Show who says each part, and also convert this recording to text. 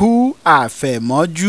Speaker 1: kú àfẹ̀mọ́jú